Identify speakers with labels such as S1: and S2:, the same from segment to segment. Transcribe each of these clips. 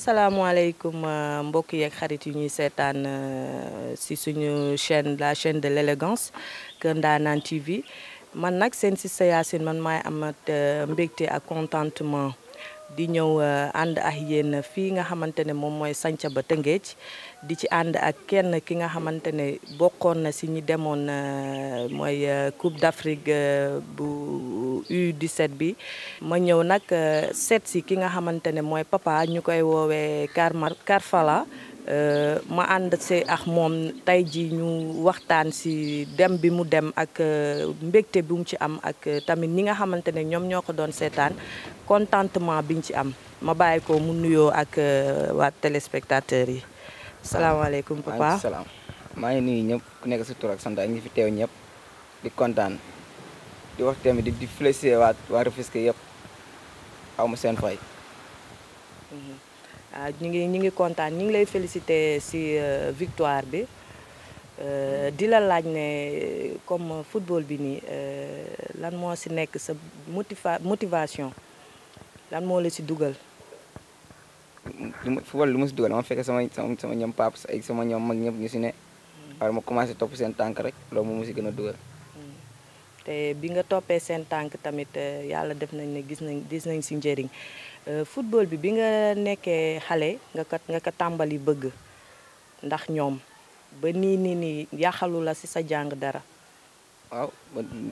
S1: salaamaaleykum euh, mbokk yeeg xarit yu ñuy seetaan euh, si suñu chaîne la chaîne de l'élégance Keur Ndanane TV man nag seen si Yacine man maay amat euh, mbégte ak contentement di ñëw euh, ànd ak yéen fii nga xamante ne moom mooy sanca Santhiaba Tëngéej di ci ànd ak kenn ki nga xamante ne bokkoon na si ñi demoon euh, mooy euh, Coupe d'Afrique bu u set bi. ma ñëw nag seet si ki nga xamante ne mooy papa ñu koy woowee Karmar Karfala. Euh, ma ànd si ak moom tey ji ñu waxtaan si dem bi mu dem ak euh, mbégte bi mu ci am ak euh, tamit ñi nga xamante ne ñoom ñoo ko doon seetaan contentement biñ ci am ma bàyyi ko mu nuyoo ak waa téléspectateurs yi salaamaaleykum papa salaam maa
S2: ngi nuyu ñëpp ku nekk si tur ak sant ak ñi fi teew ñëpp di kontaan di wax tamit di di félicité waa waa Rufisque yëpp aw seen fay
S1: waaw ah, ñu ngi ñu ngi kontaan ñu ngi lay féliciter ci euh, victoire bi euh, di la laaj ne comme football bi nii euh, lan moo si nekk sa motiva motivation lan moo la si dugal.
S2: football lu ma si dugal dama fekk sama sama ñoom pap sama ñoom mag ñëpp ñu si ne. war hmm. ma commencé topp seen tànk rek loolu moom mu si gën a dugal. Hmm.
S1: te bi nga toppee seen tànk tamit yàlla def nañ ne gis nañ gis nañ si njëriñ. Euh, football bi bi nga nekkee xale nga ko nga ko tàmbali bëgg ndax ñoom ba nii nii nii yàqalu la si sa jàng dara.
S2: waaw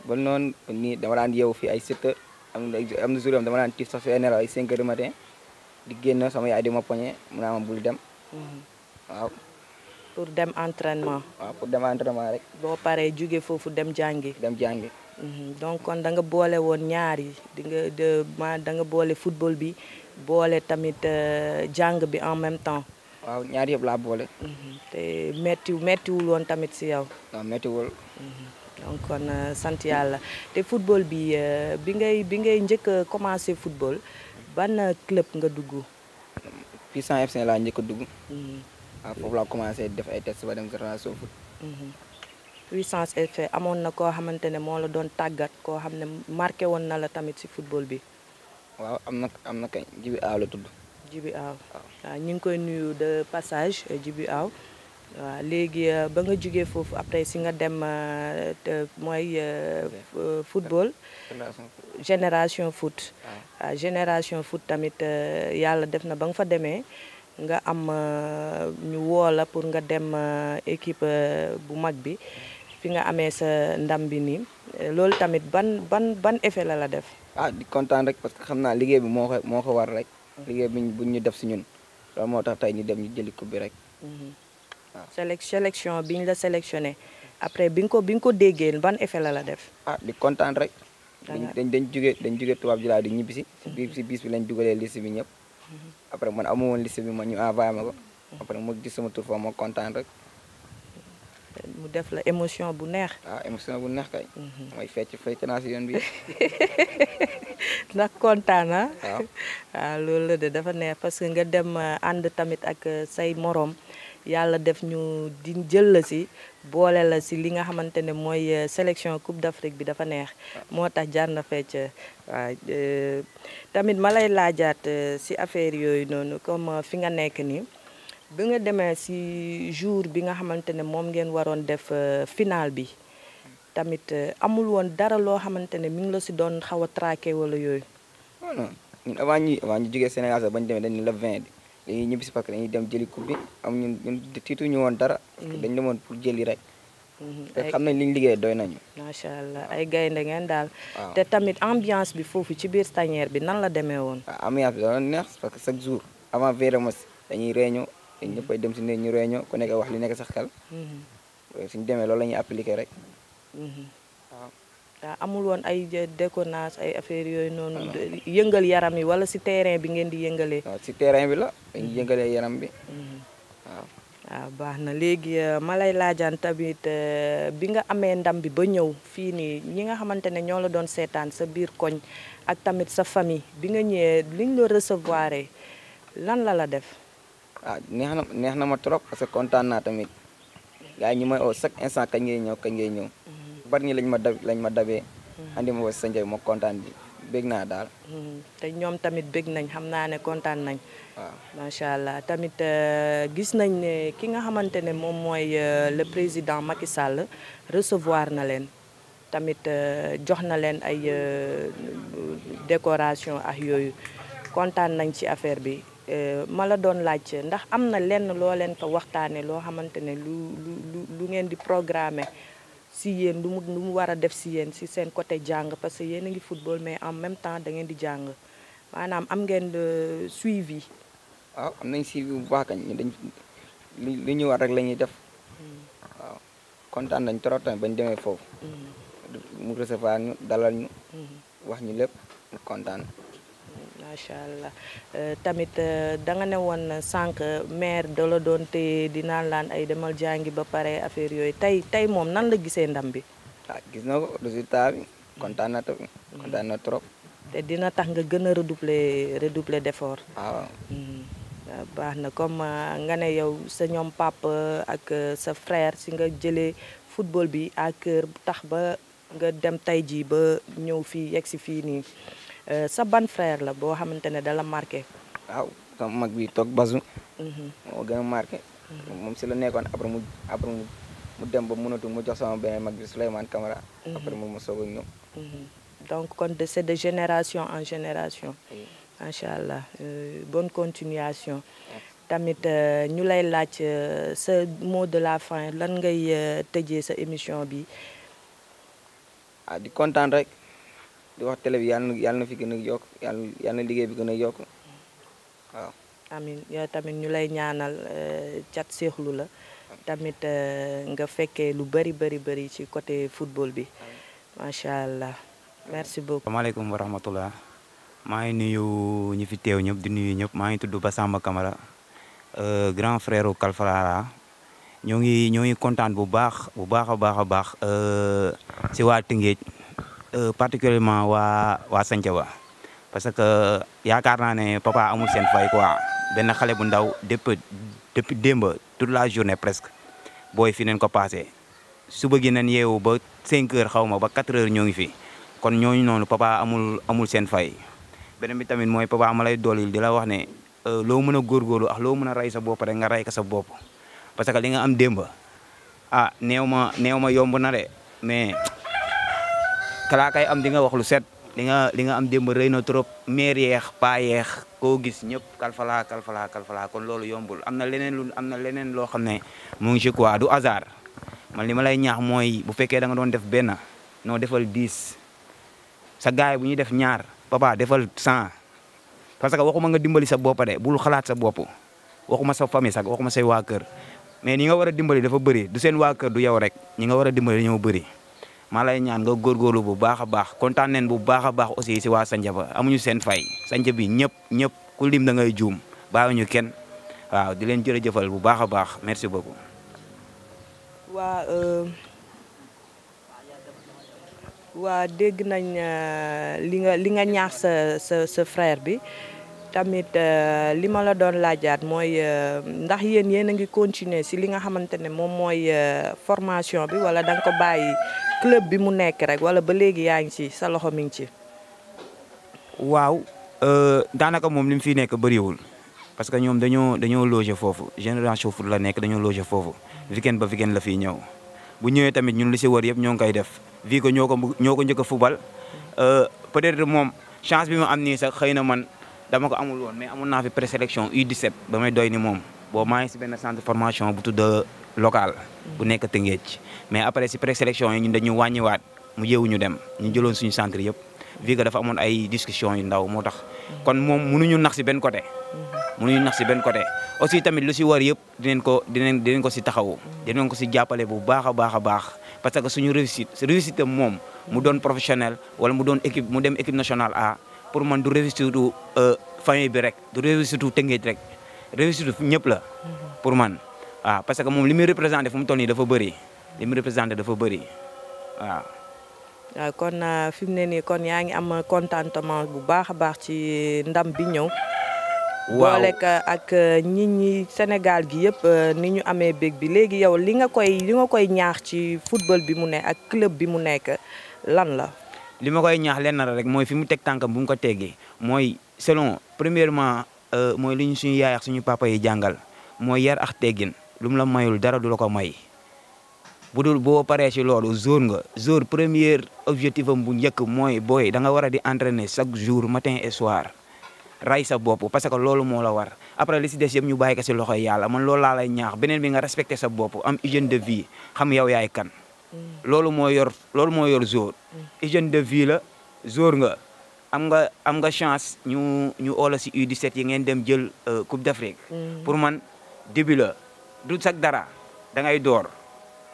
S2: ba noonu nii dama daan yeewu fi ay sept heures am na am dama daan tiif sax si nelaw ay cinq di génn sama yaay di ma poñe mu naa ma bul dem. Mhm. waaw.
S1: pour dem entraînement. waaw pour dem entraînement rek. boo paree jóge foofu dem jàngi. dem jàngi. Mhm. donc kon da nga boole woon ñaar yi di nga de ma da boole football bi boole tamit euh, jàng bi en même temps. waaw ñaar yëpp laa boole. Mhm. te metti mettiwul woon tamit si yow. mettiwul. Mhm. donc kon euh, sant yàlla te football bi euh, bi ngay bi ngay njëkk a commencé football ban club nga dugg.
S2: Puissance FC laa njëkk a dugg. waaw foofu laa commencé def ay tests ba dem Génération Foot.
S1: puissance effet amoon na koo xamante ne moo la doon tàggat koo xam ne marqué woon na la tamit si football bi.
S2: waaw am na am na kañ Jibi Aw la tudd.
S1: Jibi Aw ñu ngi koy nuyu de passage euh, Jibi Aw waaw léegi euh, ba nga jógee foofu après si nga dem euh, mooy football génération foot génération foot tamit yàlla def na ba nga fa demee nga am ñu woola pour nga dem équipe bu mag bi fi nga amee sa ndam bi nii loolu tamit ban ban ban effet la la def. ah di kontaan rek parce que xam naa liggéey bi moo ko moo ko war rek. liggéey bi ñu def
S2: si ñun moo tax tey ñu dem ñu jëli coupe bi rek.
S1: waaw mhm. ah. sélection bi ñu la sélectionné après bi nga ko bi nga ko déggee ban effet la la def.
S2: ah di kontaan rek. Ah. dañ dañ jugee dañ jugee tubaab julaay di ñibbisi si. Mhm. biir si biis bi lañ dugalee liste bi ñëpp. Mhm. après man amu woon liste bi man ñu envoyé ma ko. après moo gis sama tur fa ma kontaan rek.
S1: mu def la émotion bu neex. ah bu neex kay. Mhm. mooy fecc fecc naa si yoon bi. ndax kontaan ah. waaw loolu la de dafa neex parce que nga dem euh, ànd tamit ak euh, say moroom yàlla def ñu di jël la si boole la si li nga xamante ne mooy euh, sélection coupe d'Afrique bi dafa neex. Ah. moo tax jaar na fecc tamit ma lay laajaat si affaire yooyu noonu comme fi nga nekk nii. bi nga demee si jour bi nga xamante ne moom ngeen waroon def euh, final bi tamit euh, amul woon dara loo xamante ne mi ngi la ci doon xaw a traqué wala yooyu. non
S2: ñun avant ñuy avant ba ñu demee dañu la 20 dañuy ñibbi si parce dem jëli coupe bi am woon dara. Mm. dañu demoon pour jëli rek.
S1: Mm-hmm. xam nañ li
S2: liggéey doy nañu.
S1: macha allah ay gaynde ngeen daal. te tamit ambiance bi foofu ci biir tanière bi nan la demee woon. Ah,
S2: ambiance bi da neex parce que chaque jour avant Vérémos dañuy reeño dañ ñëpp ay dem si néeg ñu réunion ku nekk wax li nekk sax xel
S1: mm-hmm.
S2: suñ demee loolu la ñuy appliquer rek
S1: mm-hmm. waaw amul woon ay déconnage ay affaire yooyu noonu ah, yëngal yaram yi wala si terrain bi ngeen di yëngalee waaw terrain bi la dañuy mm-hmm. yëngalee yaram bi waaw baax na léegi euh, ma lay laajaan tamit euh, bi nga amee ndam bi ba ñëw fii nii ñi nga xamante ne ñoo la doon seetaan sa biir koñ ak tamit sa famille bi nga ñëwee liñ la recevoir lan la la def
S2: ah neex na ma trop parce que kontaan naa tamit gars yi ñu may oo chaque instant kañ ngay ñëw kañ ngay ñëw. Mm-hmm. bari ñi lañ ma dab lañ ma dabee.
S1: Mm-hmm. andi
S2: ma ba sa njëriñ ma kontaan bi bég naa daal.
S1: Mm-hmm. te ñoom tamit bég nañ xam naa ne kontaan nañ. waaw macha allah tamit euh, gis nañ ne ki nga xamante ne moom mooy euh, le président Macky Sall recevoir na leen. tamit euh, jox na leen ay décoration ak yooyu kontaan nañ ci affaire bi Euh, ma la doon laaj ndax am na lenn loo leen fa waxtaane loo xamante ne lu lu lu ngeen di programmer si yéen lu mu lu mu war a def si yéen si seen côté jàng parce que yéen a ngi football mais en même temps da ngeen di jàng maanaam am ngeen euh, suivi.
S2: waaw ah, am nañ suivi bu baax kañ dañ lu ñu war rek la ñuy def.
S1: Hmm.
S2: kontaan nañ trop tamit bañ demee foofu. Hmm. mu recevoir ñu dalal ñu. Hmm. wax ñu lépp kontaan.
S1: macha allah euh, tamit euh, da nga ne woon sànq maire da la doon téye di naan laan ay demal jàngi ba pare affaire yooyu tey tey moom nan la gisee ndam bi. ah gis na ko résultat bi trop dina tax nga gën a redoubler redoubler d'effort. Ah, hmm. ah, baax na comme euh, nga ne yow sa ñoom papa ak sa frère si nga jëlee football bi à cœur tax ba nga dem tey jii ba ñëw fii yegg si fii nii. Euh, sa ban frère la boo xamante ne dala marqué.
S2: waaw mag bi toog basu. Mhm. moo mhm. moom si la nekkoon après mu après mu dem ba mënatul mu jox sama beneen mag bi Souleymane Camara. Mhm. après mu ma soog a ñëw.
S1: donc kon de c'est de génération en génération. macha allah euh, bonne continuation. tamit euh, ñu lay laaj sa mot de la fin lan ngay tëjee sa émission bi.
S2: ah di kontaan rek. di wax télé bi yàlla na fi gën a yokk yàlla yàlla bi gën a yokk
S1: ñu lay ñaanal euh, cat seexlu la tamit euh, nga fekkee lu bari bari bari ci côté football bi macha allah maaleykum wa rahmatullah
S3: maa ngi nuyu ñu fi teew ñëpp di nuyu ñëpp maa ngi tudd Bassamba Camara euh, grand frère Kalfara ñoo ngi ñoo ngi kontaan bu baax bu baax a baax a baax si waa Tëngéej. Euh, particulièrement waa waa Santhiaba parce que yaakaar naa ne papa amul seen fay quoi benn xale bu ndaw depuis depuis démb toute la journée presque booy fi neen ko passé suba gi nañ yeewu ba 5 heures xaw ma ba 4 heures ñoo ngi fi kon ñooñu noonu papa amul amul seen fay beneen bi tamit mooy papa ma lay di la wax ne euh, loo mën a góorgóorlu ak loo mën a rey sa bopp rek nga rey ko sa bopp parce que li nga am démb ah néew ma néew ma yomb na de mais. kalaa kay am di nga wax lu set li nga li nga am démb rëy na trop meer yeex paa yeex koo gis ñëpp kalfala kalfala kalfala kon loolu yombul am na leneen am na leneen loo xam ne mu ngi ci quoi du hasard man li ma lay ñaax mooy bu fekkee da nga doon def benn noo defal dix sa gaay bu ñuy def ñaar papa defal cent parce que ma nga dimbali sa bopp de bul xalaat sa bopp waxuma sa famille sax ma say waa kër mais ñi nga war a dimbali dafa bëri du seen waa kër du yow rek ñi nga war a dimbali dañoo bëri maa lay ñaan nga góorgóorlu bu baax a baax kontaan neen bu baax a baax aussi si waa sanjaba amuñu seen fay Sandiaba bi ñëpp ñëpp ku lim da ngay juum bàyyiwuñu kenn di leen jërëjëfal bu baax a baax merci beaucoup.
S1: waa euh, waa dégg nañ euh, li nga li nga ñaax sa sa sa frère bi. tamit euh, li ma la doon laajaat mooy euh, ndax yéen yéen a ngi continuer si li nga xamante ne moom mooy euh, formation bi wala da nga ko club bi mu nekk rek wala ba léegi yaa ngi ci sa loxo mi ngi ci.
S3: waaw daanaka moom li mu fi nekk bëriwul parce que ñoom dañoo dañoo loger foofu génération foot la nekk dañoo loger foofu weekend ba weekend la fi ñëw bu ñëwee tamit ñun li si wër yëpp ñoo ngi koy def vi ko ñoo ko ñoo fubal peut moom chance bi mu am nii sax xëy na man. dama ko amul woon mais amoon naa fi présélection U17 ba may doy ni moom boobu maa si benn centre formation bu tudd local. bu nekk Tëngéej mais après si présélection yi ñun dañu wàññiwaat mu yeewuñu dem ñu jëloon suñu centre yëpp vu dafa amoon ay discussion yu ndaw moo tax. kon moom mënuñu nax si benn côté. mënuñu nax si benn côté aussi tamit lu si war yëpp dinañ ko si taxawu. dinañ ko si jàppale bu baax a baax a baax parce que suñu réussite réussite am A. pour man du réussite du euh, famille bi rek du réussite du Tëngéej rek réussite ñëpp la pour man waaw parce que moom li muy représenté fu mu toll nii dafa bëri li muy dafa bëri waaw.
S1: kon euh, fi mu ne nii kon yaa ngi am contentement bu baax a baax ci ndam bi ñëw. waaw boole euh, ak nit ñi Sénégal gi yëpp ni ñu amee bég bi léegi yow li nga koy li nga koy ñaax ci football bi mu ne ak club bi mu nekk lan la.
S3: li ma koy ñaax leen lenn rek mooy fi mu teg tànkam bu mu ko tegee mooy selon premièrement euh, mooy lu ñu suñu yaay ak suñu papa yi jàngal mooy yar ak teggin lu mu la mayul dara du la ko may. bu dul boo paree ci loolu jour nga jour premier objectif am bu njëkk mooy booy da nga war a di entraîner chaque jour matin et soir. ray sa bopp parce que loolu moo la war après li si des yëpp ñu bàyyi ko si loxoy yàlla man loolu laa lay ñaax beneen bi nga respecté sa bopp am hygiène de vie xam yow yaay kan. Mm. loolu moo yor loolu moo yor jour mm. hygiène de vie la jour nga am nga am nga chance ñu ñu oola si U17 yi ngeen dem jël euh, Coupe d'Afrique mm. pour man début la du sax dara dangay ngay door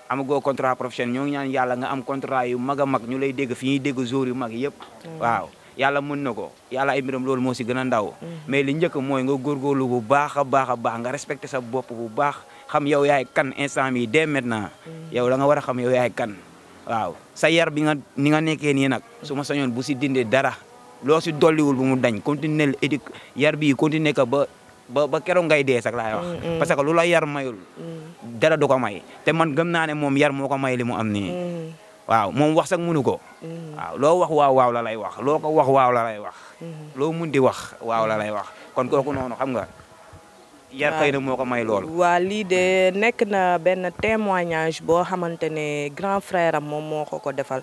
S3: amagoo contrat professionnel ñoo ñaan yàlla nga am contrat yu mag mag ñu lay dégg fi ñuy dégg jour yu mag yëpp waaw yàlla mën na ko yalla ay mbiram loolu moo si gën a ndaw mais li njëkk mooy nga góorgóorlu bu baax a baax a baax nga respecté sa bopp bu baax xam yow yaay kan instant bi dès maintenant mm. yow la nga war a xam yow yaay kan waaw sa yar bi nga ni nga nekkee nii nag su ma sañoon bu si dindee dara loo si doliwul bu mu dañ continuer édi yar bii continuer ka ba ba ba keroog ngay dee sax laay wax mm, mm. parce que lu la yar mayul dara du ko may te man gëm naa ne moom yar moo ko may li mu am ni waaw moom wax sax mënu ko loo wax waaw waaw la lay wax loo ko wax waaw la lay wax loo mun di wax waaw lay wax kon kooku noonu xam nga yar xëy na moo ko may loolu.
S1: waa lii de nekk na benn témoignage boo xamante ne grand frère am moom moo ko ko defal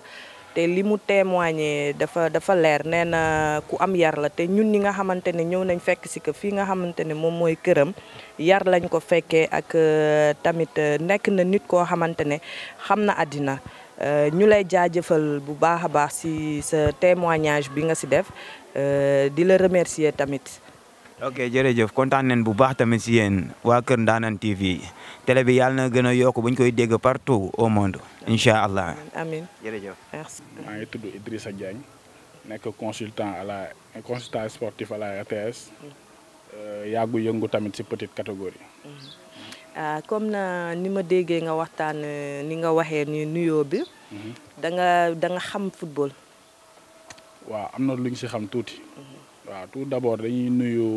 S1: te li mu témoigné dafa dafa leer nee na ku am yar la te ñun ñi nga xamante ne ñëw nañ fekk si que fii nga xamante ne moom mooy këram yar lañ ko fekkee ak euh, tamit euh, nekk na nit koo xamante ne xam na àddina. Euh, ñu lay jaajëfal bu baax a baax si sa témoignage bi nga si def di la remercier tamit.
S3: ok jërëjëf kontaan nañ bu baax tamit si yéen waa Kër Ndaanaan TV télé bi yàlla na gën a yokk bu koy dégg partout au monde incha allah.
S4: amiin jërëjëf. merci. maa ngi tudd Idrissa nekk consultant à la consultant sportif à la RTS euh, yàggu yëngu tamit si petite catégorie. Mm-hmm. Ah, comme na ni ma déggee nga waxtaan euh, ni
S1: nga waxee ni nuyoo bi. Mm-hmm. danga xam football.
S4: waaw am na lu si xam tuuti. Mm-hmm. waaw tout d'abord dañuy nuyu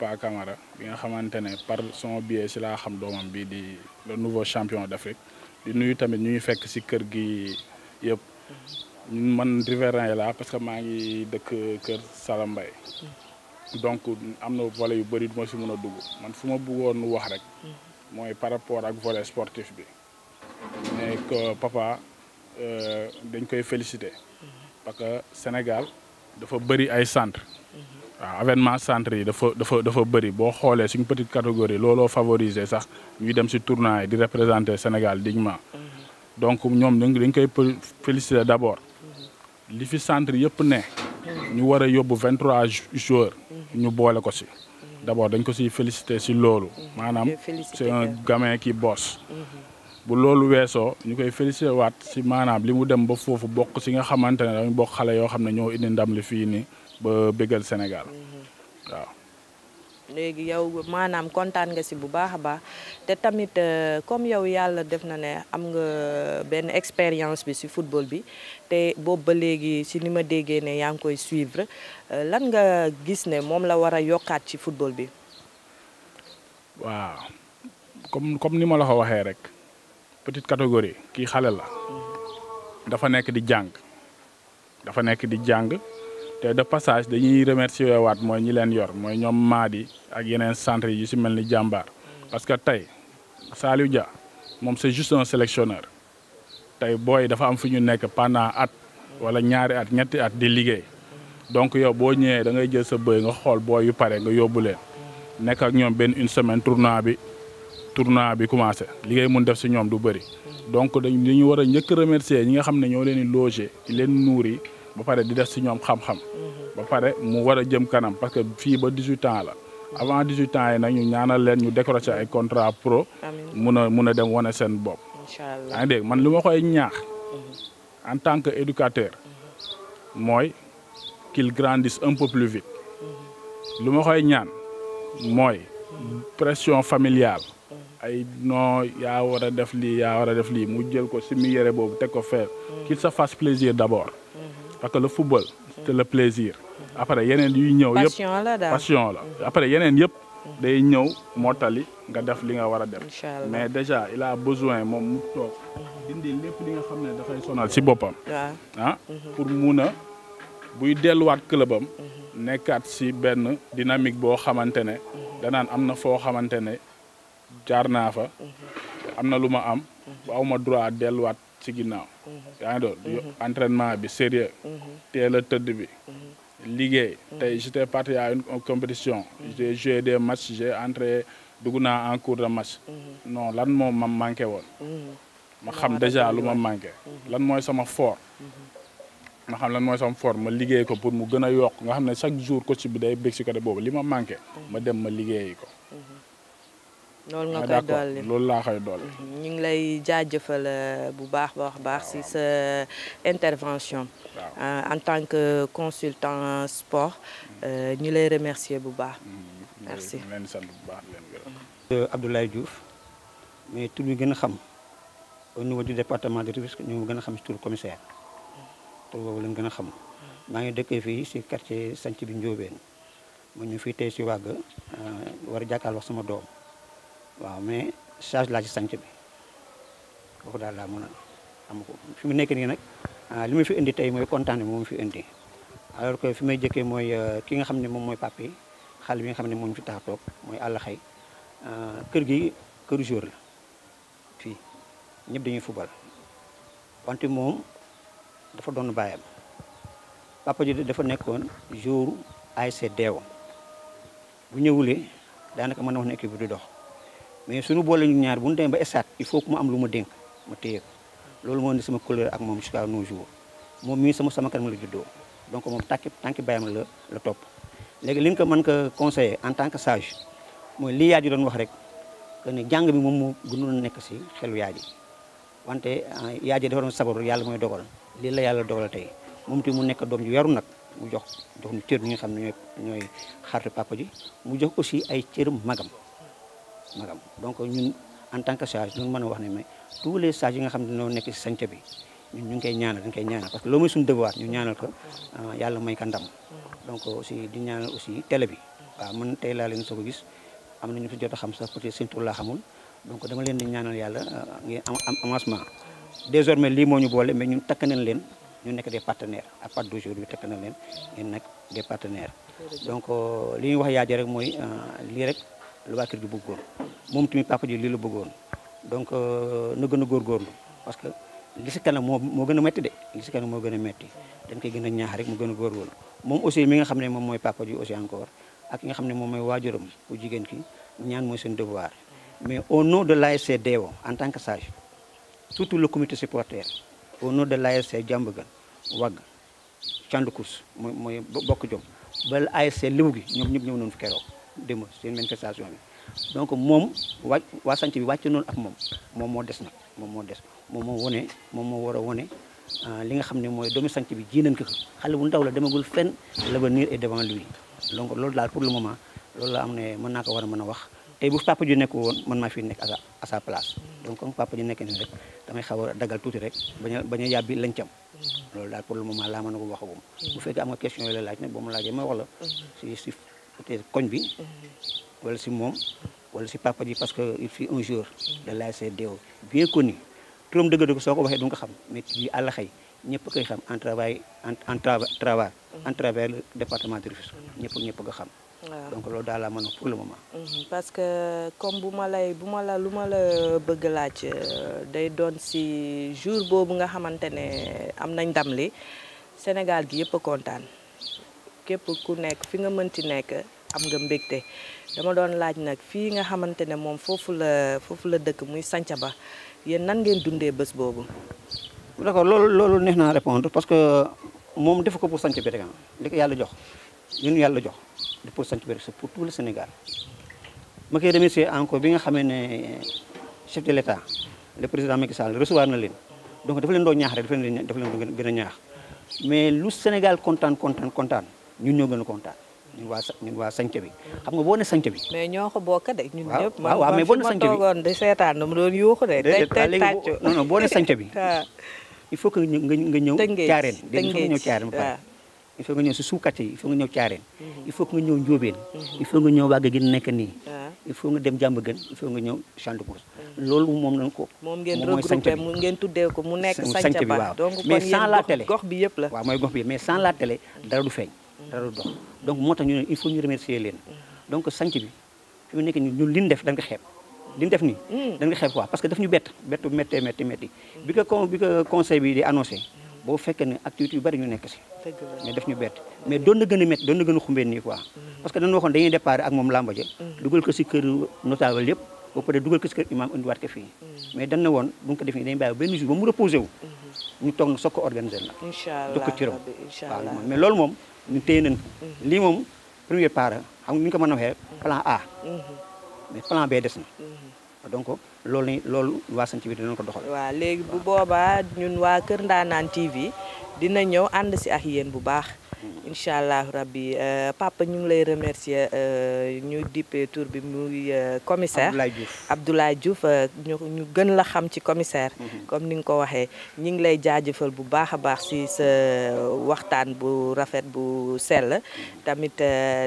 S4: Pa Camara bi nga xamante ne par son biais si laa xam doomam bi di le nouveau champion d'Afrique di nuyu tamit ñu ñu fekk si kër gi yëpp man riverain la parce que maa ngi dëkk kër Sala Mbaye donc am na volet yu bëri du si mën a dugg man fu ma bëggoon wax rek mooy par rapport ak volet sportif bi mais que papa euh, dañ koy féliciter parce que Sénégal dafa bëri ay centre waaw avènement centre yi dafa dafa dafa bëri boo xoolee suñ petite catégorie looloo favoriser sax ñuy dem si tournoi di représenter Sénégal dignement donc ñoom dañ koy féliciter d' abord li fi centre yëpp ne ñu war a yóbbu vingt trois ñu boole ko si d' abord dañ ko siy féliciter si loolu mm-hmm. maanaam c'est un gamin qui bosse mm-hmm. bu loolu weesoo ñu koy félicité waat si maanaam li mu dem ba foofu bokk si nga xamante ne dañu bokk xale yoo xam ne ñoo indi ndam li fii ni ba bégal Sénégal mm-hmm. waaw.
S1: léegi yow maanaam kontaan nga si bu baax a baax te tamit euh, comme yow yàlla def na ne am nga benn expérience bi si football bi te boobu ba léegi si ni ma déggee ne yaa ngi koy suivre euh, lan nga gis ne moom la war a yokkaat ci football bi.
S4: waaw comme comme ni ma la ko waxee rek. petite catégorie kii xale la dafa nekk di jàng dafa nekk di jàng te de passage dañuy remercier waat mooy ñi leen yor mooy ñoom maa maadi ak yeneen centre yi si mel ni jàmbaar parce que tey Saliou ja moom c'est juste un sélectionneur tey booy dafa am fu ñu nekk pendant at wala ñaari at ñetti at di liggéey donc yow boo ñëwee da ngay jël sa bëy nga xool booy yu pare nga yóbbu leen nekk ak ñoom benn une semaine tournoi bi tournoi bi commencé liggéey mun def si ñoom du bëri donc dañ dañu war a njëkk remercier ñi nga xam ne ñoo leen di loger leen nourrir ba pare di def si ñoom xam-xam ba pare mu war a jëm kanam parce que fii ba 18 ans la avant 18 ans yi nag ñu ñaanal leen ñu décrocher ay contrat pro mun a mun a dem wane seen bopp yaa ngi dégg man lu ma koy ñaax
S5: mhm.
S4: en tant que éducateur mooy kil grandisse un peu plus vite mhm. lu ma koy ñaan mooy pression familiale ay non yaa war a def lii yaa war def lii mu jël ko si mi yére boobu te ko faire qu'il se fasse plaisir d'abord
S5: mm-hmm.
S4: parce que le football mm-hmm. c'est le plaisir mm-hmm. après yeneen yuy ñëw yëpp la après yeneen yëpp day ñëw mottali nga def li nga war a def mais déjà il a besoin moom mu toog dindi lépp li nga xam ne dafay sonal si boppam ah pour mun a buy delluwaat clubam nekkaat si benn dynamique boo xamante ne danaan am na foo xamante ne jaar naa fa. Mhm. am na lu ma am. ba mhm. ma droit delluwaat ci ginnaaw. Mhm. yaa ngi doon entraînement bi sérieux teel tëdd bi. liggéey tey j'étais parti à une compétition. j'ai joué des matchs j'ai entré dugg naa en cours de match. non lan moom ma manqué woon. ma xam déjà lu ma manqué. lan mooy sama fort. ma xam lan mooy sama fort ma liggéey ko pour mu gën a yokk nga xam ne chaque jour coach bi day bég si côté boobu li ma manqué. ma dem ma liggéeyi ko.
S1: loolu nga ah, koy dolli laa mhm. koy ñu ngi lay jaajëfal euh, bu baax a baax si sa euh, intervention. Euh, en tant que consultant sport. ñu lay remercier bu baax. Mhm. merci ñu leen
S4: bu baax leen gërëm.
S6: Mhm. Abdoulaye Diouf mais tur bi gën a xam au niveau du département de Rufisque ñu gën a xam si tur commissaire tur boobu lañ gën a xam. maa ngi dëkkee fii si quartier Sanc bi Ndiobène moo ñu fii tey si wàgg war a jàkkaarloo wax sama doom. waaw mais charge laa ci sanc bi kooku daal laa mën a am ko fi mu nekk nii nag ah, li ma fi indi tey mooy kontaan moom fi indi alors fi may jëkkee mooy euh, ki nga xam ne moom mooy pape xale bi nga xam ne moom fi tax mooy àll ah, kër gi kër jour fii ñëpp dañuy fubal wante moom dafa doon bàyyam papa ji dafa nekkoon jour ASC deew bu ñëwulee daanaka mën na wax ne équipe bi du dox mais suñu boolee ñu ñaar bu ñu demee ba stade il faut que mu am lu ma dénk ma téye ko loolu moo ne sama couleur ak moom jusqu'à nos jours moom mii sama sama kanam la juddoo donc moom tànki tànki bàyyam la la topp léegi li nga ko mën ko conseiller en tant que sage mooy lii ji doon wax rek que jàng bi moom moo gënoon nekk si xelu yaay ji wante ah, yaay ji dafa doon yàlla mooy dogal lii la yàlla dogal tey moom te mu nekk doom ju yaru nag mu jox jox ñu cër ñi nga xam ne ñooy ñooy xaritu papa ji mu jox aussi ay cëru magam magam donc ñun en tant que sage ñu mën a wax ne mais tous les sages yi nga xam ne nekk si bi ñun ñu ñaanal dañ ka ah, di ñaanal aussi télé bi waaw man tey laa leen soog a gis am na ñu fi a xam sax peut-être seen tur ah, désormais lii moo ñu boole mais ñun takk nañ leen ñu nekk des partenaires à partir d'aujourd'hui tekk nañ leen ngeen nekk des partenaires donc euh, li wax yaaja rek mooy ah, lii rek lu waa kër gi bëggoon moom tamit papa ji lii la bëggoon donc euh, na gën a góorgóorlu parce que li kanam moo moo gën a métti de li moo gën a métti dañ koy gën a ñaax rek mu gën a góor góorgóorlu moom aussi mi nga xam ne moom mooy papa ji aussi encore ak nga xam ne moom mooy waajuram bu jigéen ki ñaan mooy seen devoir mais au nom de l'ASC Dewo en tant que sage surtout le comité supporter au nom de l'ASC Diamaguène Wagg Thiandoukous mooy mooy bokk jom ba ASC Lebu gi ñëpp ñëw noonu fi démb seen manifestation bi donc moom wàcc waa sant bi wàcc noonu ak moom moom moo des nag moom moo des moom moo wone moom moo war a wone euh, li nga xam ne mooy doomu sant bi ji nañ ko xale bu ndaw la demagul fenn l'avenir est devant lui donc loolu daal pour le la am ne mën naa ko war a mën a wax tey bu papa ji nekk woon man maa fi nekk à sa place donc comme papa ji nekk nii rek damay xaw a dagal tuuti rek a a fekkee am nga question yooyu la laaj nag boo ma laajee ma wax la supporter koñ bi wala si moom wala si papa ji parce que il fut un jour de l'ASC Deo bien connu turam dëgg dëgg soo ko du nga xam mais ci àll xëy ñëpp koy xam en travail en travail en de Rufisque ñëpp ñëpp nga xam donc loolu daal laa a pour le moment.
S1: Mhm, parce que comme bu ma lay bu ma la lu ma la bëgg laaj euh, day doon si jour boobu nga xamante ne am nañ ndam li Sénégal gi yëpp a kontaan képp ku nekk fi nga mënti nekk. am nga mbégte dama doon laaj nag fii nga xamante ne moom foofu la foofu la dëkk muy sanca ba yéen nan ngeen dundee bés boobu.
S6: d'accord loolu loolu neex na répondre parce que moom def ko pour Santhiaba rek ah, li yàlla jox li ñu yàlla jox du pour Santhiaba rek c'est pour tout le Sénégal ma koy remercier encore bi nga xamee ne chef de l'État le président Macky Sall recevoir na leen donc dafa leen doon ñaax rek dafa leen doon gën a ñaax mais lu Sénégal kontaan kontaan kontaan ñun ñoo ñun waa ñun waa sanca bi xam nga boo ne sanca bi
S1: mais ñoo ko bokk de ñun ñëpp waaw waaw mais boo ne sanca bi toogoon di
S6: seetaan dama doon yuuxu de tey tey tàccu non non boo ne sanca bi il faut que nga ñëw caareen il faut nga ñëw caareen ba pare il faut nga ñëw si suukat yi il faut nga ñëw caareen mhm. il faut nga ñëw njóobeen mhm. il faut nga ñëw wàgg gi nekk nii il faut nga dem jàmb gën il faut nga ñëw champ de course mhm. loolu moom lañ ko moom ngeen regroupé mu
S1: ngeen tuddee ko mu nekk sanca ba donc mais sans la télé gox bi yëpp la waaw mooy gox
S6: bi mais sans la télé dara du feeñ dara du dox donc moo tax ñu ne il faut ñu remercier leen donc sanc bi fi mu nekk nii ñun li ñu def xeeb li ñu nii mm. dañ xeeb quoi parce que daf ñu bett bettu méttee métti bi ko conseil bi di annoncé boo fekkee ne activité yu bari ñu nekk si mais daf a a mm. mm. woon bu def nii dañu bàyyi benn jour ba mu reposé
S1: mm-hmm.
S6: ñu toog na soog ko nag
S1: jox ko mais loolu
S6: moom ñu téye mm-hmm. lii moom premier part xam ni ñu ko mën a waxee mm-hmm. plan A. Mm-hmm. mais plan B des na. donc loolu lañ loolu waa Sen TV dinañ ko doxal.
S1: waaw léegi bu boobaa ñun waa Kër Ndaanaan TV dina ñëw ànd si ak yéen bu baax. incha allahu rabbi euh, papa ñu ngi lay remercier euh, ñu dippee tur bi muy euh, commissaire Abdoulaye Diouf ñu gën la xam ci commissaire mhm. comme ni nga ko waxee ñu ngi lay jaajëfal bu baax a baax si sa waxtaan bu rafet bu sell mhm. tamit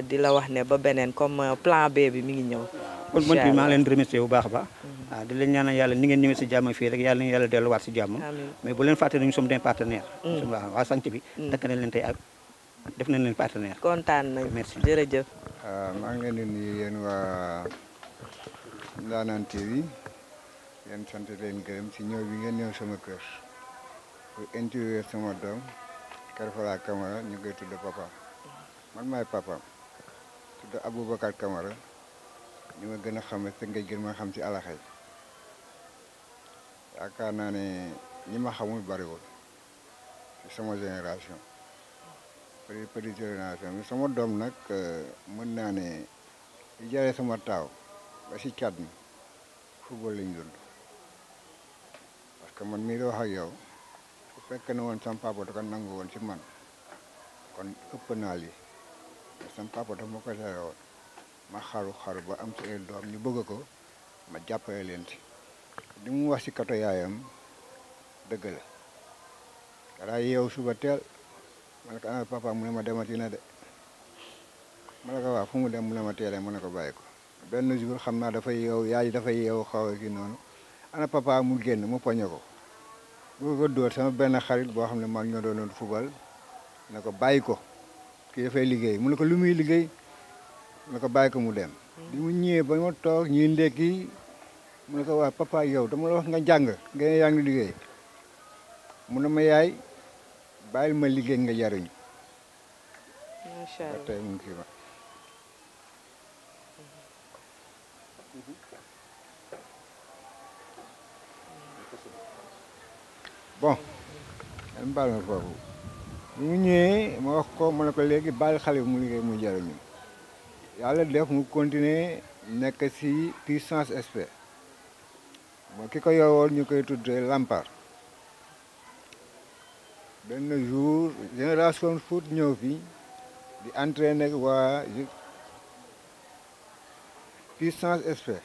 S1: di la wax ne ba beneen comme plan B bi mi ngi ñëw kon man bi leen
S6: remercier bu baax a baax waaw mhm. ah, di leen ñaanal yàlla ni ngeen ñëwee si jàmm fii rek yàlla na yàlla delluwaat si jàmm mais bu leen fàtte ne ñu sommes des mm. waa sant bi mm. ak
S7: def nañ leen partenaire.
S1: kontaan nag
S7: merci jërëjëf. Ah, maa ngi leen di nuyu yéen waa naan TV yéen sant leen gërëm ci ñëw bi ngeen ñëw sama kër pour interviewer sama doom Karfala Camara ñu koy tudd papa man may papa tudd Aboubacar Camara ñu ma gën a xam te nga gën ma xam ci alaxay yaakaar naa ne ñi ma xamul bariwul sama génération. pérégrination bi sama doom nag euh, mën naa ne li jaree sama taaw ba si caat mi football lañ dund parce que man mii di wax ak yow su fekk na woon sama papa da ko nangu woon si man kon ëpp naa lii mais sama papa dafa ma ko tere woon ma xaru xaru ba am si ay doom ñu bëgg ko ma jàppale leen si li mu wax ci kato yaayam dëgg la dara yeew suba teel ma ne ko ana ah, papa mu ne ma demati na de ma ne ko waa fu mu dem mu ne ma teelee mu ne ko bàyyi benn jour xam naa dafa yow yaay dafay yow xaw ki noonu ana papa mu génn mu poñe ko bu ko dóor sama benn xarit boo xam ne mag ñoo doonoon fubal ne ko bàyyi ko kii dafay liggéey mu ne ko lu muy liggéey mu ne ko bàyyi ko mu dem di mu ñëwee ba ma toog ñuy ndekki mu ne ko waa papa yow dama la wax nga jàng nga yaa ngi liggéey mu ne ma yaay bàyyil ma liggéey nga jariñu macha allah ba tey mu ngi bon dañ baal ma foofu bi mu ñëwee ma wax ko ma ne ko léegi baal xale bi mu liggéey mu jariñu yàlla def mu continuer nekk si puissance expert moo ki ko yowoon ñu koy tuddee Lampar benn jour génération foot ñëw fi di entraîné waa puissance expert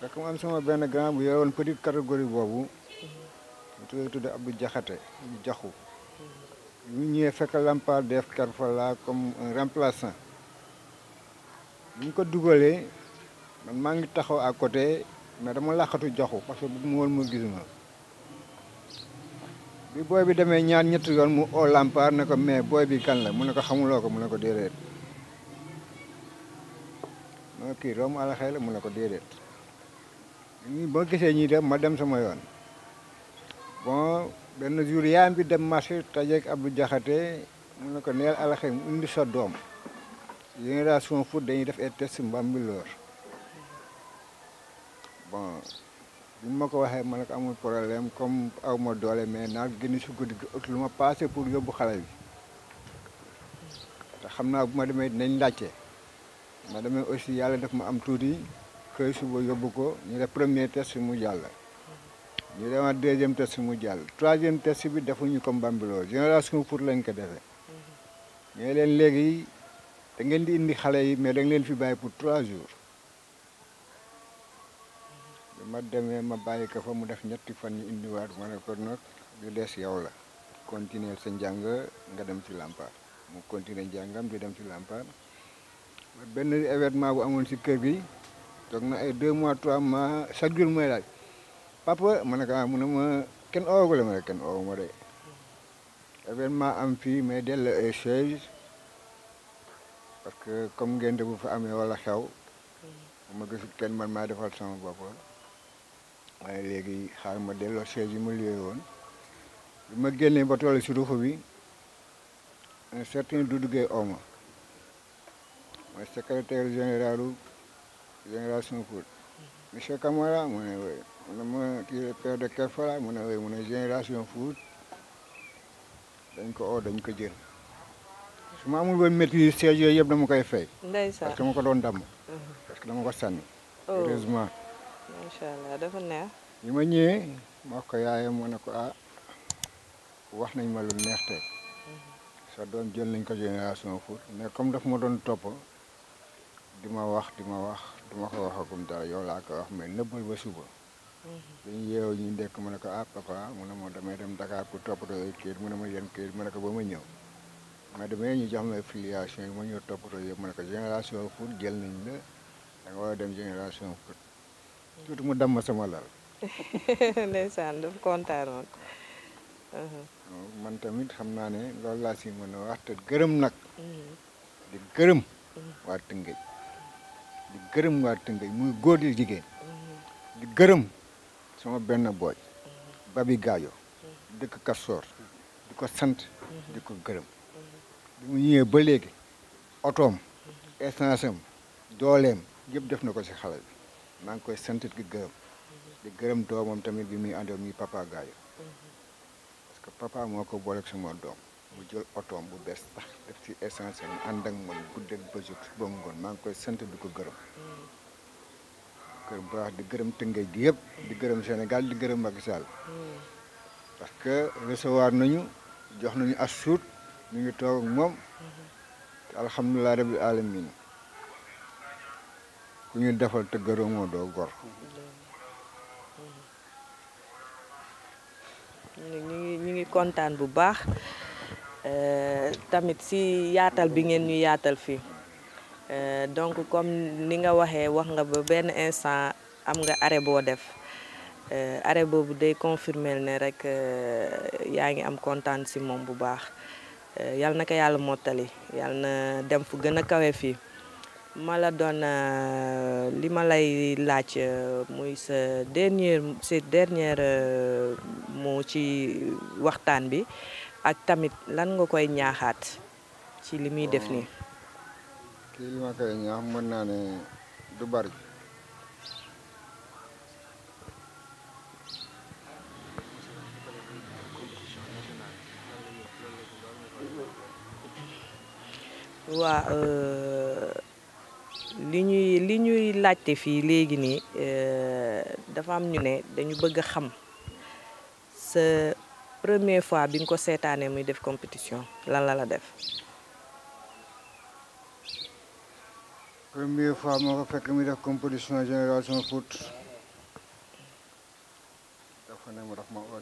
S7: fekk mu am sama benn grand bu yore woon catégorie boobu mu tudd tudd Abdou Diakhaté ñu jaxu ñu ñëwee fekk Lampard def Karfala comme un remplaçant ñu ko dugalee man maa ngi taxaw à côté ma dama làqatu jaxu parce que bëgg mu woon mu gis bi booy bi demee ñaan ñetti yoon mu oo Lampaar ne ko mais booy bi kan la mun na ko xamuloo ko mu ne ko déedéet mu ne kii doomu mu ne ko déedéet boo gisee ñii dem ma dem sama yoon bon benn jour yaayam bi dem marché tajeeg Abdou Diakhaté mu ne ko neel alaxee mu indi sa doom génération foot dañuy def ay test mbambi loor bon bi ma ko waxee ma ko amul problème comme aw ma doole mais naa génn su guddi lu ma paase pour yóbbu xale bi te xam naa bu ma demee dinañ laajte ma demee aussi yàlla def ma am tuuti xëy suba yóbbu ko ñu def premier test mu jàll. ñu dem demaat deuxième test mu jàll troisième test bi defuñu ko Bambilor génération pour lañ ko defee. Mhm. ñu leen léegi te ngeen di indi xale yi mais da leen fi bàyyi pour trois jours. ma demee ma bàyyi ko fa mu def ñetti fan ñu indiwaat ma ne ko nag lu si yow la continuer sa njàng nga dem ci làmpa mu continuer njàngam di dem ci Lampaar benn événement bu amoon si kër gi toog na ay deux mois trois mois chaque jour mooy laaj papa ma ne ko ah mu ne ma kenn oogu la ma kenn oogu ma de événement am fii mais dell ay chaise parce que comme ngeen bu fi amee wala xew ma gisul kenn man maa defal sama bopp waaye léegi xaar ma delloo chaise yi ma liyee woon bi ma génnee ba toll si ruufu bi un certain Doudou Gueye ooma mooy secrétaire général génération Foot monsieur Camara mu ne wooy mu ne mu génération Foot dañ ko oo dañ ko jël su ma amul woon maîtrise chaise yooyu yëpp dama koy fay parce que ma ko doon damm uh-huh. parce que dama ko sànni oh. heureusement
S1: macha allah dafa neex.
S7: bi ma ñëwee ma wax ko yaayam mu ne ko ah wax nañ ma lu neex tey mhm. sa doom jël nañ ko génération foot mais comme daf ma doon topp di ma wax di ma wax du ma ko waxagum dara yow laa ko wax mais nëbbal ba suba. dañu mhm. yeewu ñu ndekk ma ne ko ah papa mu ne ma damay dem Dakar pour toppatoo ay kayit mu ne ma yem kayit mu ne ko ba ma ñëw ma demee ñu jox ma filiation yi ma ñëw toppatoo yëpp ma ne ko génération foot jël nañ la da nga war a dem génération foot. tuuti mu damm sama lal.
S1: ndeysaan dafa kontaanoon.
S7: man tamit xam naa ne lool laa si mën a gërëm nag. Mhm. di gërëm. Mhm. waa Tëngéej di gërëm waa Tëngéej muy góor di jigéen. Mhm. di gërëm sama benn booj. Babi Gaajo. dëkk Kastoor. di ko sant. di ko gërëm. bi mu ñëwee ba léegi otoom. essence am dooleem yëpp def na ko si xale bi. maa ngi koy sant di gërëm di gërëm doomam tamit bi muy àndoon muy papa Gaayo parce que papa moo ko booleeg suma doom mu jël otoom bu bees tax def ci essentiel mu ànd ak moom guddeeg bëccëg ba ngoon maa ngi koy sant di ko gërëm gërëm bu baax di gërëm Tëngéej yëpp di gërëm Sénégal di gërëm Macky Sall parce que recevoir nañu jox nañu as suut ñu ngi toog ak moom alhamdulilah rabbil alamin ku ñu defal te gërëmoo doo gor
S1: ñu ngi ñu ngi kontaan bu baax euh, tamit si yaatal bi ngeen ñu yaatal fii euh, donc comme ni nga waxee wax nga ba benn instant am nga are boo def euh, arrêt boobu day confirmer ne rek yaa ngi am kontaan si moom bu baax yal na ko yàlla mottali yal na dem fu gën a kawe fii ma la doon euh, li ma lay laaj euh, muy sa dernière sa dernière euh, moo ci waxtaan bi ak tamit lan nga koy ñaaxaat
S7: ci li muy def nii. kii li ma koy ñaax mën naa ne du bari
S1: waaw li ñuy li ñuy laajte fii léegi nii euh, dafa am ñu ne dañu bëgg a xam sa première fois bi nga ko seetaanee muy def compétition lan la la def.
S7: première fois moo ko fekk muy def compétition génération foot dafa ne daf ma oo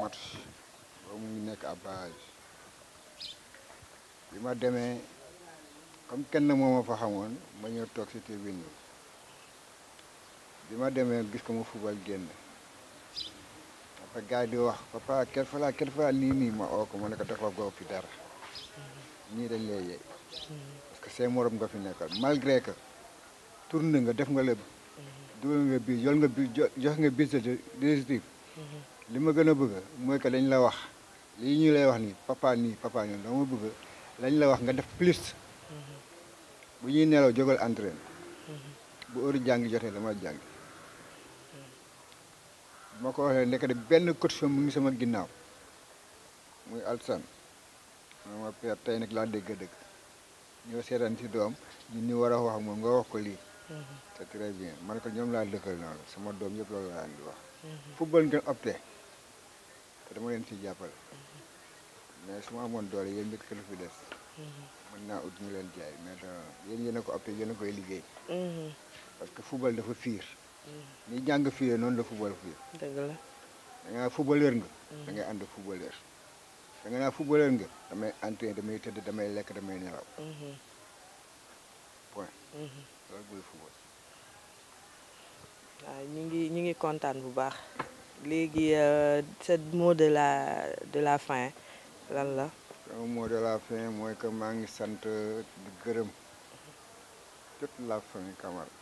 S7: euh, mu nekk à base bi ma demee. comme kenn mooma fa xamoon ma ñëw toog si tribune bi bi ma demee gis ko mu fubal génn après gars di wax papa quelle fois quelle fois lii nii ma oo ko ma ne ko dafa góob fi dara ñii dañ lay yey parce seen morom nga fi nekkal malgré que tourné nga def nga lépp dugal nga biir jol nga biir jox nga biir sa décisif li ma gën a bëgg mooy que dañ la wax lii ñu lay wax nii papa nii papa ñun dama bëgg lañ la wax nga def plus bu ñuy nelaw jógal entraîne bu heure jàng jotee dama jàng bu ma ko waxee nekk de benn coach mu ngi sama ginnaaw muy alsan ma ma père tey nag laa dégg dëgg ñoo seetaan ci doom ñu ni war a wax moom nga wax ko lii mm-hmm. c'est très bien man ko ñoom laa dëkkal noonu sama doom yëpp loolu laa di wax mm-hmm. football ngeen opté te dama leen ci jàppale mm-hmm. mais su ma amoon doole yéen njëkk fi def Mm-hmm. mën naa ut ñu leen jaay mais yéen a ko appelé yéen a koy liggéey. Mm-hmm. parce que football dafa fiir.
S5: Mm-hmm.
S7: ni jàng fiiree noonu la football fiir. dëgg la da ngaa footballeur nga. da ngay ànd footballeur. damay entraîné damay tëdd damay lekk damay nelaw. point. loolu mooy football.
S1: waaw ñu ngi ñu ngi kontaan bu baax léegi euh, sa mot de la de la fin
S7: lan moo mot de la fin mooy que maa ngi sant di gërëm toute la famille Camara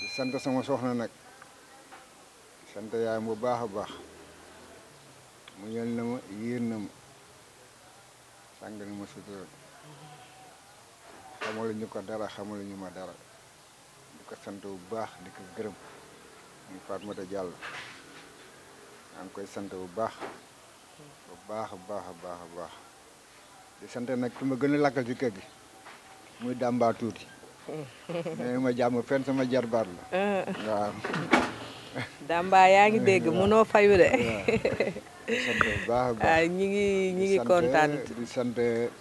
S7: di sant sama soxna nag di sant yaayam bu baax a baax mu ñëw na ma yéer sàng na ma sutural xamalu ñu ko dara xamalu ñu ma dara di ko sant bu baax di ko gërëm muy Fatmata Diallo maa ngi koy sant bu baax bu baax a baax a baax a baax di sant nag ku ma gën a lakkal kër gi muy dàmbaa tuuti nee ma jàmm fenn sama jarbaat la ah.
S1: dàmbaa yaa ngi dégg mënoo fayu de
S7: sant ah, ñi ngi ñi ngi di sant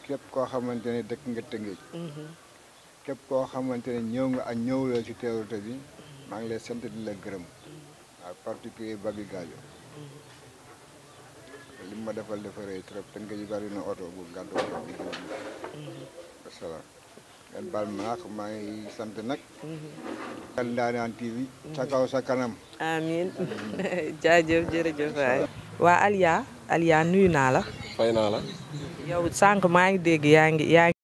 S7: képp koo xamante ne dëkk nga Tëngéej mm-hmm. képp koo xamante ne ñëw nga ak ñëwuloo ci teewute bi mm-hmm. maa ngi lay sant di la gërëm mm-hmm. waaw particulier Babi li ma defal dafa rëy trop te nga yëgal na oto bu gàddu ko di ko asalaam ngeen ma ak sant nag kal Ndanane TV sa kaw sa kanam amiin jaajëf jërëjëf waay waa Aliya Aliya nuyu naa la fay naa la
S1: yow sànq maa dégg yaa